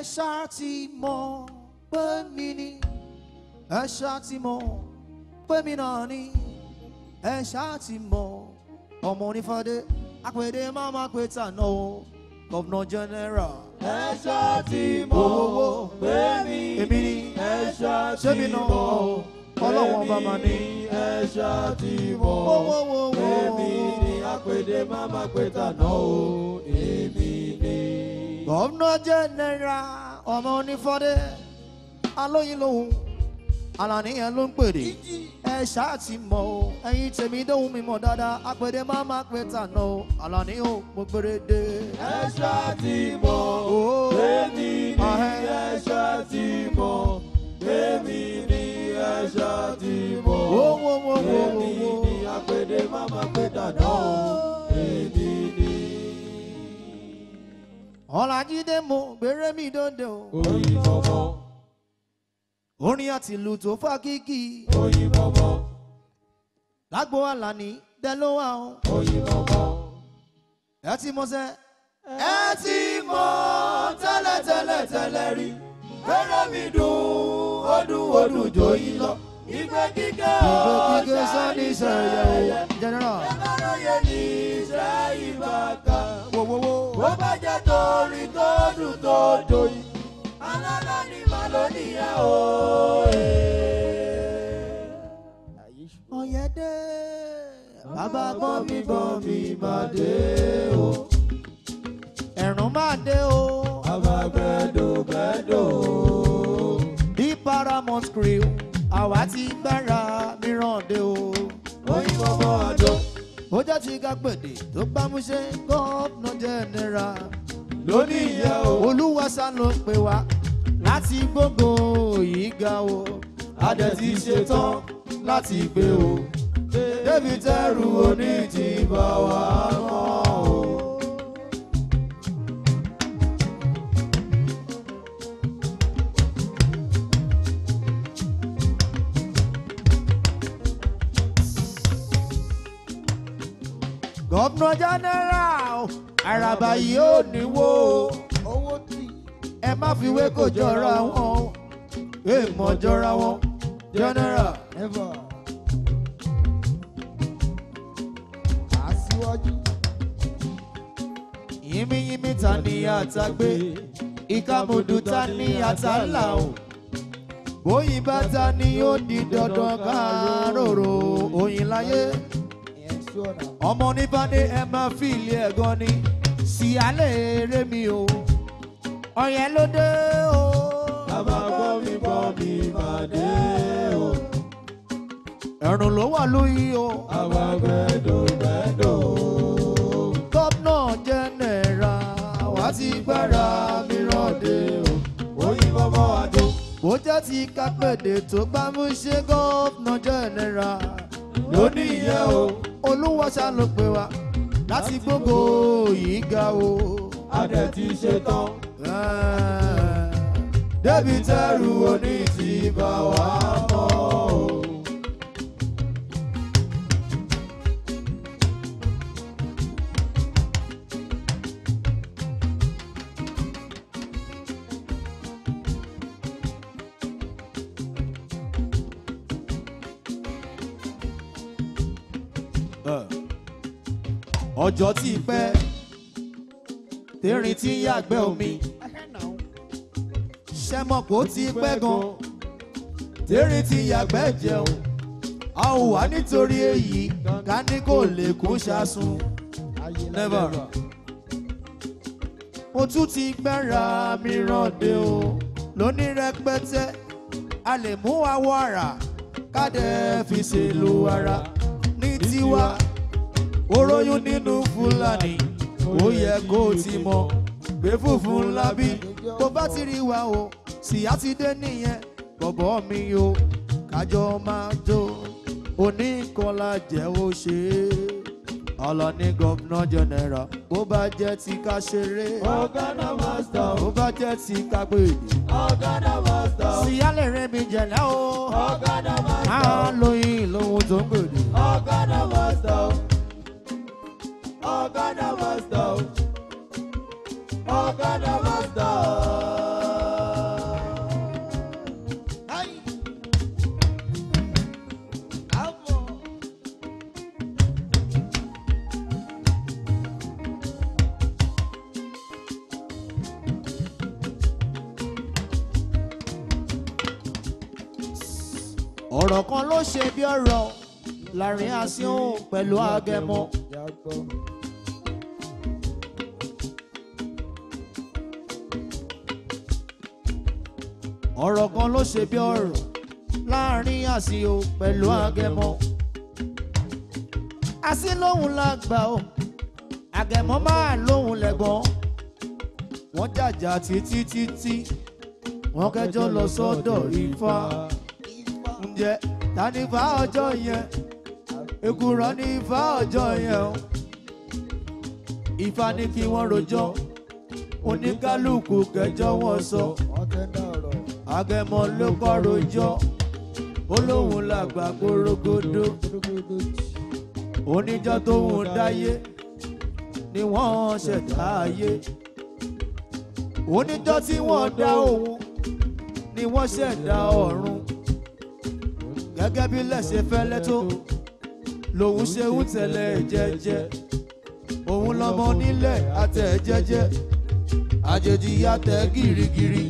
ẹ ṣáà ti mọ̀ pé mi ni ẹ ṣáà ti mọ̀ pé mi náà ni ẹ ṣáà ti mọ̀ ọmọ onífàdé àpèdè máma pé tànà o gọ́vnà general. ẹ ṣáà ti mọ̀ pé mi èmi ni ẹ ṣáà ti mọ̀ ọlọ́wọ́n bá ma ní. ẹ ṣáà ti mọ̀ o èmi. Governor General ọmọ onífọ́dé alóyin lòun alàníyàn ló ń pèrè ẹ ṣáà ti mọ̀ o ẹ̀yin tèmi dóhùn mi mọ̀ dáadáa apèdè má má pè tànà o àlàní o mo gbére dé. ẹ ṣáà ti mọ̀ èmi ni ẹ ṣáà ti mọ̀ èmi ni ẹ ṣáà ti mọ̀ èmi ni apèdè má má pè tànà o. ọ̀làjídé mo gbèrè mi dòdò. oyin bọ̀bọ̀. orin àtìlù tó fà kíkì. oyin bọ̀bọ̀. lágbo àlàní dẹ ló wà o. oyin bọ̀bọ̀. ẹ ti mọ̀ sẹ́. ẹ ti mọ̀ tẹ́lẹ̀tẹ́lẹ̀ tẹ́lẹ̀ rí gbèrè mi dùn ọdún ọdún jòyìn lọ. Ìgbẹ́ kíkẹ́ ọ̀ọ́ sani sẹ́yẹ̀ yẹ. Jẹ́nẹ́rà. Ẹ bá lóye ní Israẹ̀lì bàkà. Wo wo wo bó bá jẹ́ torí tó dùn tó doyin alálàní mà ló níyà o. ọ̀yẹ́dẹ́ bàbá bọ́mí bọ́mí mà dé o. ẹ̀rùn mà dé o. bàbá gbẹ́dọ̀ gbẹ́dọ̀ o. bí paramount crew àwa ti gbára mìíràn dé o. oyin bọ́bọ́ àjọ bójá ti ga pèdè tó bá mú ṣe gómìnà jẹnẹra lónìí yẹ o olúwaṣà ló pè wá láti gbógun ìga o adẹ ti ṣetán láti gbé o débi tẹrù oníjìbá wa mọ́. ọ̀nàjà náírà àràbà yóò níwó owó tí ẹ má fi wé kò jọra wọn èèmọ̀ jọra wọn jọ́nẹ́rà. aṣíwájú. yínmíyínmí ta ni àtàgbé ìkàmùdù ta ni àtàlà o bóyìnbá ta ni ó di dandan ká rorò oyin láyé ọmọ níbàdé ẹ máa fi ilé ẹ gan ni sì alẹ́ eré mi o ọ̀yẹ́ ló dé o. bàbá gbọ́ mi gbọ́ mi máa dé o. ẹ̀rùn ló wà lóyún o. àwa gbẹ́dọ̀ gbẹ́dọ̀ o. gómìnà jẹ́nẹ̀ra àwa ti gbára mi rọ̀dé o. oyin bọ́bọ́ àjò. bó jẹ́ ti kápẹ́dẹ̀ tó gbámú ṣe jẹ́nẹ̀ra lónìí yẹ o olúwa ṣá ló pè wá láti gbogbo yìí ga o. a dẹ̀ ti ṣe tán. débi tẹ́rù oní ti bá wa. ọjọ́ ti pẹ́ tẹ́rìn tí yàgbẹ́ omi ṣẹ́mọ̀ kó pẹ́ gan tẹ́rìn tí yàgbẹ́ jẹun a ò wá nítorí èyí ká ní kò lè kún ṣasun never. mo tún ti gbẹ́ra mi rànde o lóní rẹpẹtẹ a lè mú awọ ara ká dẹ́ fi ṣèlú ara ní tiwa. tiwa oróyún nínú fúlàní ó yẹ kó o ti mọ̀ gbé funfun ńlá bí tó bá ti rí wa o sì á ti dé nìyẹn bọ̀bọ̀ mi o kájọ máa jó oníkanlá jẹ́ ó ṣe é ọlọ́ni gọ́vnà jẹ́nẹ́ra bó bá jẹ́ ti ká ṣeré ọ̀gádà mọ́sítà bó bá jẹ́ ti ká gbèdé ọ̀gádà mọ́sítà síyálẹ̀ rẹ̀ mi jẹ̀lẹ́ o ọ̀gádà mọ́sítà máa lóyún lóhun tó ń gbèdé ọ̀gádà mọ́sítà máa dà ó ọ̀kadà máa dà ó. ọ̀rọ̀ kan ló ṣe bí ọ̀rọ̀ láàrin àsíhùn pẹ̀lú àgẹ̀mọ́. kan ló ṣe bí ọ̀rọ̀ láàrin àsìó pẹ̀lú àgẹ̀mọ. àsì lóhùn lágbà o àgẹ̀mọ máa lóhùn lẹ́gbọ́n wọ́n jàjà títí títí wọ́n kẹjọ lọ sọ́dọ̀ ifá ǹjẹ́ ta ni ifá ọjọ́ yẹn èkùrọ́ ni ifá ọjọ́ yẹn o ifá ní kí wọ́n rojọ́ oníkálukú kẹjọ wọn sọ. So agẹmọ ló kọrọ jọ ó lóun làgbà gbórógódó oníjọ tóun dáyé ni wọ́n ṣẹ̀dá ayé oníjọ tí wọ́n dá òun ni wọ́n ṣẹ̀dá ọ̀run gẹ́gẹ́ bí lẹ́sẹ̀ fẹ́lẹ́ tó lòun ṣe ń tẹ̀lé jẹ́jẹ́ òun lọ́mọ nílẹ̀ àtẹ̀ jẹ́jẹ́ àjèjì yàtẹ̀ gírígírí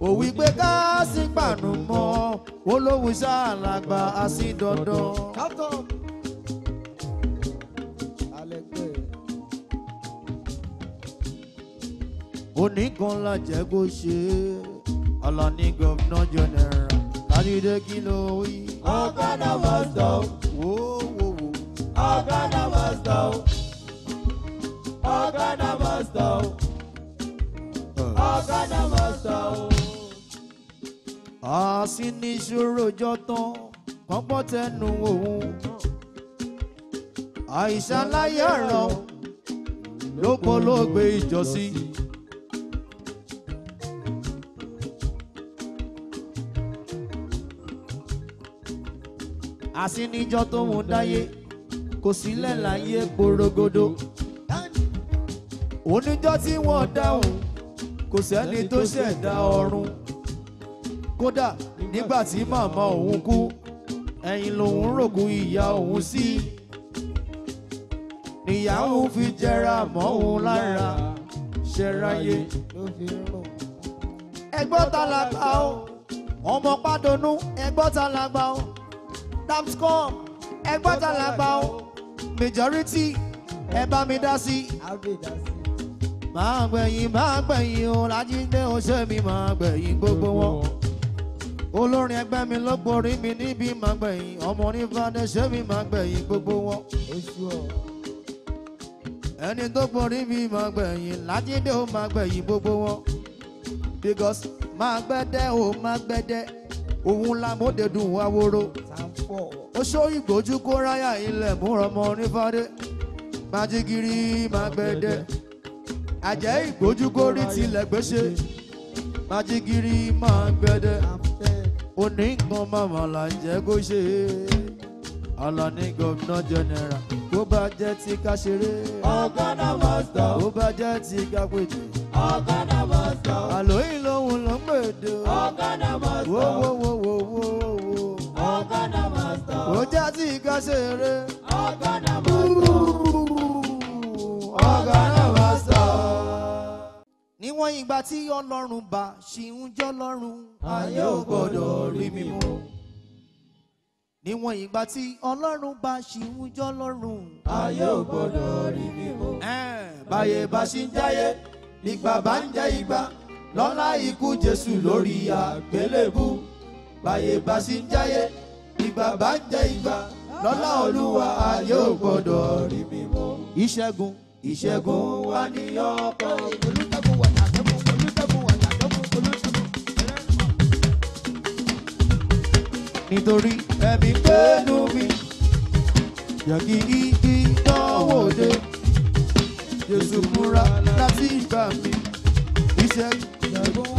ò wí pé ká sí pàánù mọ́ olóhùn ṣáàlàgbà àti dandan. oníkan lajẹ kó ṣe Alani gọvnọ jẹnẹra Tajide kí ló wí. ọ̀gá náà wọ́n sọ. ọ̀gá náà wọ́n sọ. ọ̀gá náà wọ́n sọ. Ah. ọ̀gá wọ́n sọ àsì ní ìṣòro jọ tán kọ́pọ́ tẹnu òun àìṣàlàyé ọ̀ràn ló polóògbé ìjọsìn. àsìníjọ tó ń dáyé kò sílẹ̀ láyé porogodo oníjọ́ tí wọ́n dáhùn kò sẹ́ni tó ṣẹ̀dá ọ̀run kódà nígbà tí màmá òun kú ẹ̀yìn lòun rògbò ìyá òun sí ìyá òun fi jẹra mọ́ òun lára ṣẹráyé ẹgbọ́n ta la gbà ó ọmọ pàdánù ẹgbọ́n ta la gbà ó dapscom ẹgbọ́n ta la gbà ó majority ẹ bá mi dá sí máa gbẹ̀yìn máa gbẹ̀yìn o Lájídé ó ṣe mi máa gbẹ̀yìn gbogbo wọn olórin ẹgbẹ́ mi lọ́gbọ̀rí mi níbi máa gbẹ̀yìn ọmọ ní fàdẹ́sẹ́ mi máa gbẹ̀yìn gbogbo wọn. ẹni tó gbọ̀rí mi máa gbẹ̀yìn lájídé ó máa gbẹ̀yìn gbogbo wọn. because máa gbẹ́dẹ́ ó máa gbẹ́dẹ́ òun la mọ́dẹ̀dùn aworo. ó ṣó ìgbójú kó ráyà ilẹ̀ múra ọmọ ní fàdé májígiri máa gbẹ́dẹ́ àjẹ́ ìgbójú kó rí tilẹ̀ gbéṣe májígiri máa gbẹ́dẹ́ oní nǹkan màmá là ń jẹ́ kó ṣe Àlàní gọ́vnà jẹ́nẹ́ra kó bá jẹ́ ti ká ṣeré ọ̀gọ́dà mọ́sítọ̀ kó bá jẹ́ ti ká péjì ọ̀gọ́dà mọ́sítọ̀ àlóyìn lòun ló ń pèdè ọ̀gọ́dà mọ́sítọ̀ wọ́wọ́wọ́wọ́ ọ̀gọ́dà mọ́sítọ̀ kó jẹ́ ti ká ṣeré ọ̀gọ́dà mọ́sítọ̀ ọ̀gọ́dà mọ́sítọ̀. níwọ̀n ìgbà tí ọlọ́run bá ṣì ń jọ́ lọ́rùn ayé ò gbọ́dọ̀ rí mi mọ́. níwọ̀n ìgbà tí ọlọ́run bá ṣì ń jọ́ lọ́rùn. ayé ò gbọ́dọ̀ rí mi mọ́. báyé bá ṣì ń jáyé ìgbà bá ń jẹ́ ìgbà lọ́lá ikú jésù lórí àgbélébú. báyé bá ṣì ń jáyé ìgbà bá ń jẹ́ ìgbà lọ́lá olúwa ayé ò gbọ́dọ̀ rí mi mọ́. ìṣẹ́gun ìṣẹ́gun wà ní ọkọ̀ ìlú. nítorí ẹ̀mí pẹ̀lú mi yàgì igi dánwò dé Jésù múra láti gbà mí iṣẹ́ ìyàgbọ́n.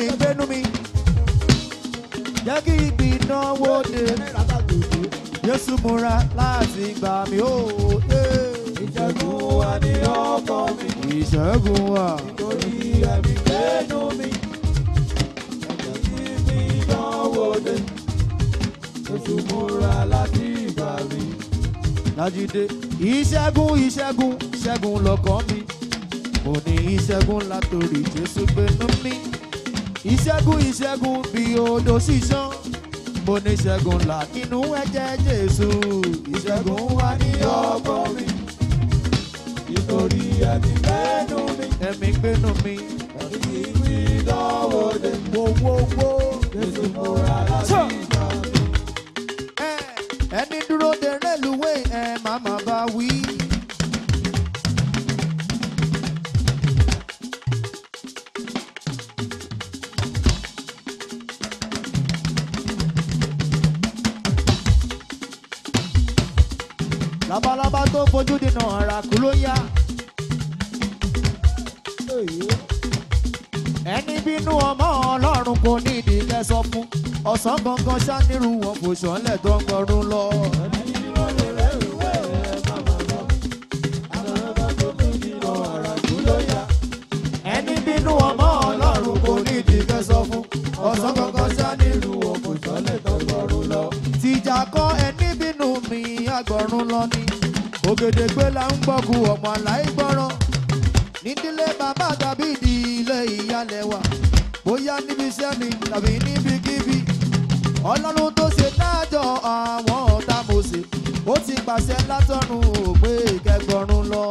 mi gbénú mi jẹ́ kí ìgbìnáwó dé Jésù múra láti gbà mí ó. ìṣẹ́gun wà ní ọkàn mi. ìṣẹ́gun wà. nítorí ẹ̀mí gbénú mi. ẹ̀jẹ̀ kí ìgbìnáwó dé Jésù múra láti gbà mí. Dájídé ìṣẹ́gun ìṣẹ́gun ṣẹ́gun lọ́kàn mi. mo ní ìṣẹ́gun látòrí Jésù gbénú mi ìṣẹ́gun ìṣẹ́gun bí odò ṣíṣán mo ní ṣẹ́gun ńlá nínú ẹ̀jẹ̀ Jésù ìṣẹ́gun wà ní ọgbọ́n mi nítorí ẹ̀mí gbénu mi ẹ̀mí gbénu mi ẹ̀mí kì í ti dánwò dé wọ́wọ́wọ́ Jésù mo rà láti ìgbà mi. ẹni dúró de rélùwé ẹ màmá labalábá tó fojú dènà ara kú ló yá. ẹni bínú ọmọ ọlọ́run kò ní ìdí kẹsọ fún ọ̀sán gangan ṣáníru wọn kò ṣọlẹ̀ tó ń gbọrún lọ. ẹni bínú ọmọ ọlọ́run kò ní ìdí fún ọ̀sán gangan ṣáníru wọn kò ṣọlẹ̀. gbọ̀run lọ ni ògèdègbé là ń gbọ́kú ọ̀pọ̀ àláì gbọ́ràn nídílé bàbá tàbí ìdílé ìyálẹ̀ wa bóyá níbi iṣẹ́ mi tàbí níbikíbi ọlọ́run tó ṣe dájọ́ àwọn ọ̀tá mọ̀ọ́sẹ̀ ó ti pàṣẹ látọ̀run òpè kẹgbọ̀rún lọ.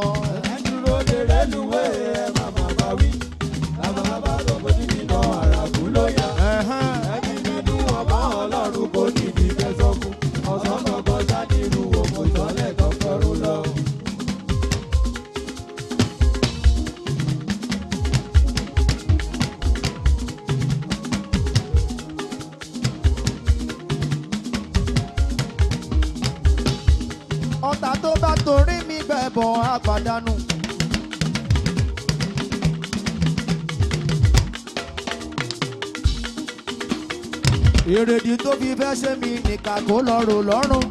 èrèdí tó fi fẹ́ ṣe mí nìkà kó lọ́rùn lọ́rùn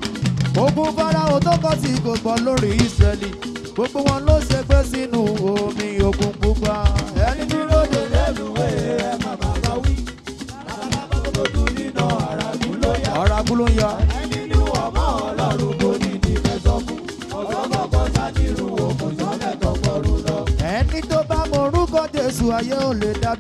ogun fáráhò tó kọ́ sí kò gbọ́ lórí Ísírẹ́lì gbogbo wọn ló ṣe pé sínú omi òkun pupa ẹni dúró de lẹ́lùwẹ̀ ẹ má bàbá wí làbàbà tó tún nínà àràgùn ló yá àràgùn ló yá ẹni ní ọmọ ọlọ́run kò ní ní kẹsọ́kùn ọ̀gọ́gọ́gọ́ sátìrù òkùnjọ́lẹ̀ tó gbọ́rù lọ. ẹni tó bá mọ orúkọ Jésù ayé ò lè dá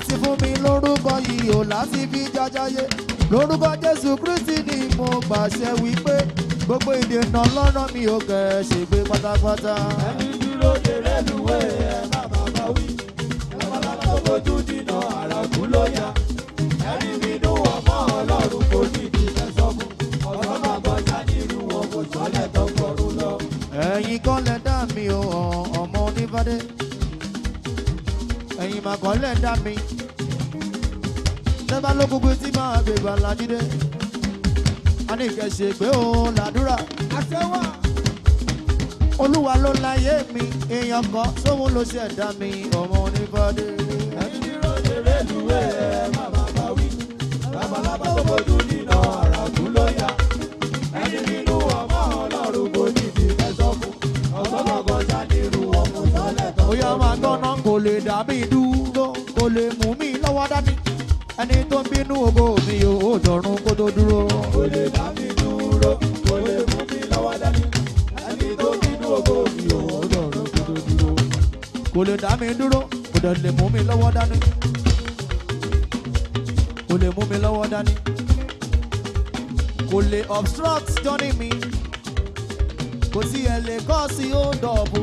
láti fún mi lórúkọ yìí ò láti fi jájáyé lórúkọ Jésù Kristi ni mo gbàṣẹ wípé gbogbo ìdènà lọ́nà mi ò kẹ̀ ṣègbè pátápátá. ẹni dúró de rẹ́lùwẹ̀ ẹ má bàbá wí ẹ̀fọ́lá tó fojú dínà àràkú ló yá ẹni bínú ọmọ Ọlọ́run kò ní ìdí mẹ́sọ́mù ọ̀rọ̀ máa bọ́ sáyé irú wọn kò sọ́lẹ̀ tó gbọ́rú lọ. ẹ̀yin kan lẹ dá mi ò ọmọ onífádé ìmọ̀kàn lẹ́ẹ̀dá mi tẹ́bá lókùnkùn tí máa gbègbà làjídé a ní ìkẹsẹ̀ pé òun làdúrà àṣẹwà olúwa ló láyé mi èèyàn kan sóhun ló ṣe ẹ̀dá mi ọmọ onífọ́dé. ẹni dúró lè rélùwé ẹ má má bá wí labalábá tó bójú nínà àràkú ló yá ẹni nínú ọmọ ọlọ́run kò ní ìdí mẹ́sàn-án fún ọ̀sán lọ́gọ́ta nírú ọmọ ìtọ́lẹ̀ tó. bóyá máa gbọ́ náà dá mi dúró kò lè mú mi lọ́wọ́ dání ẹni tó ń bínú ògo mi yóò dọ̀run kó tó dúró. kò lè dá mi dúró kò lè mú mi lọ́wọ́ dání ẹni tó ń bínú ògo mi yóò dọ̀run kó tó dúró. kò lè dá mi dúró kò dẹ̀ lè mú mi lọ́wọ́ dání kò lè mú mi lọ́wọ́ dání kò lè obstruct journey mi kò sí ẹ̀ lè kọ́ sí ó dọ̀bù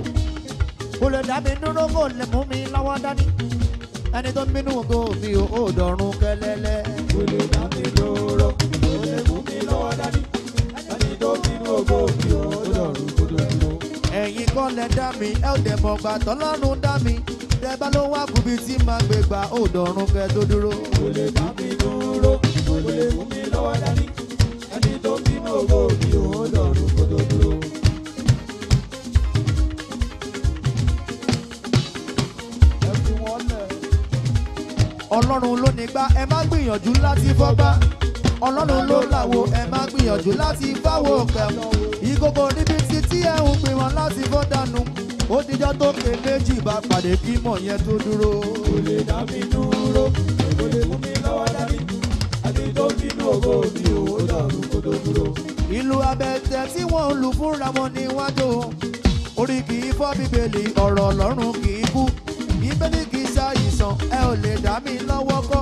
kò lè dá mi dúró kò lè mú mi lọ́wọ́ dání ẹni tó ń bínú ògo mi ò dọ̀run kẹlẹ́lẹ́. kò lè dá mi lóró kò lè mú mi lọ́wọ́ dání ẹni tó ń bínú ògo mi ò dọ̀run kẹlẹ́lẹ́. ẹ̀yin kọ́ lẹ dá mi ẹ ò dẹ̀ mọ̀ gbà tọ́lọ́run dá mi tẹ́ bá ló wá kúbi tí màá gbé gbà ò dọ̀run kẹ tó dúró. kò lè dá mi lóró kò lè mú mi lọ́wọ́ dání ẹni tó ń bínú ògo mi ò dọ̀run ọlọ́run ló ní gbá ẹ má gbìyànjú láti fọ́gbá ọlọ́run ló làwo ẹ má gbìyànjú láti fáwo pẹ̀lú ìgbogbo níbi tí tí ẹ ń pè wọn láti fọ́ dànù ó dijọ́ tó ké méjì bá pàdé kí mọ̀ yẹn tó dúró. kò lè dá mi dúró kò lè mú mi lọ́wọ́ dání àti tó bínú owó mi ò dàrú kó tó dúró. ìlú abẹ́tẹ̀ tí wọ́n lù fúnra wọn níwájú orí kì í fọ́ bíbélì ọ̀rọ̀ ọlọ́run kì í kú aláìsàn ẹ ò lè dá mi lọ́wọ́ kọ́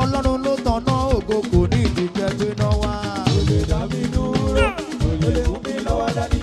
ọlọ́run ló tanná ògo kò ní ìdíjẹ́ gbéná wá. kò lè dá mi dúró kò lè mú mi lọ́wọ́ dání.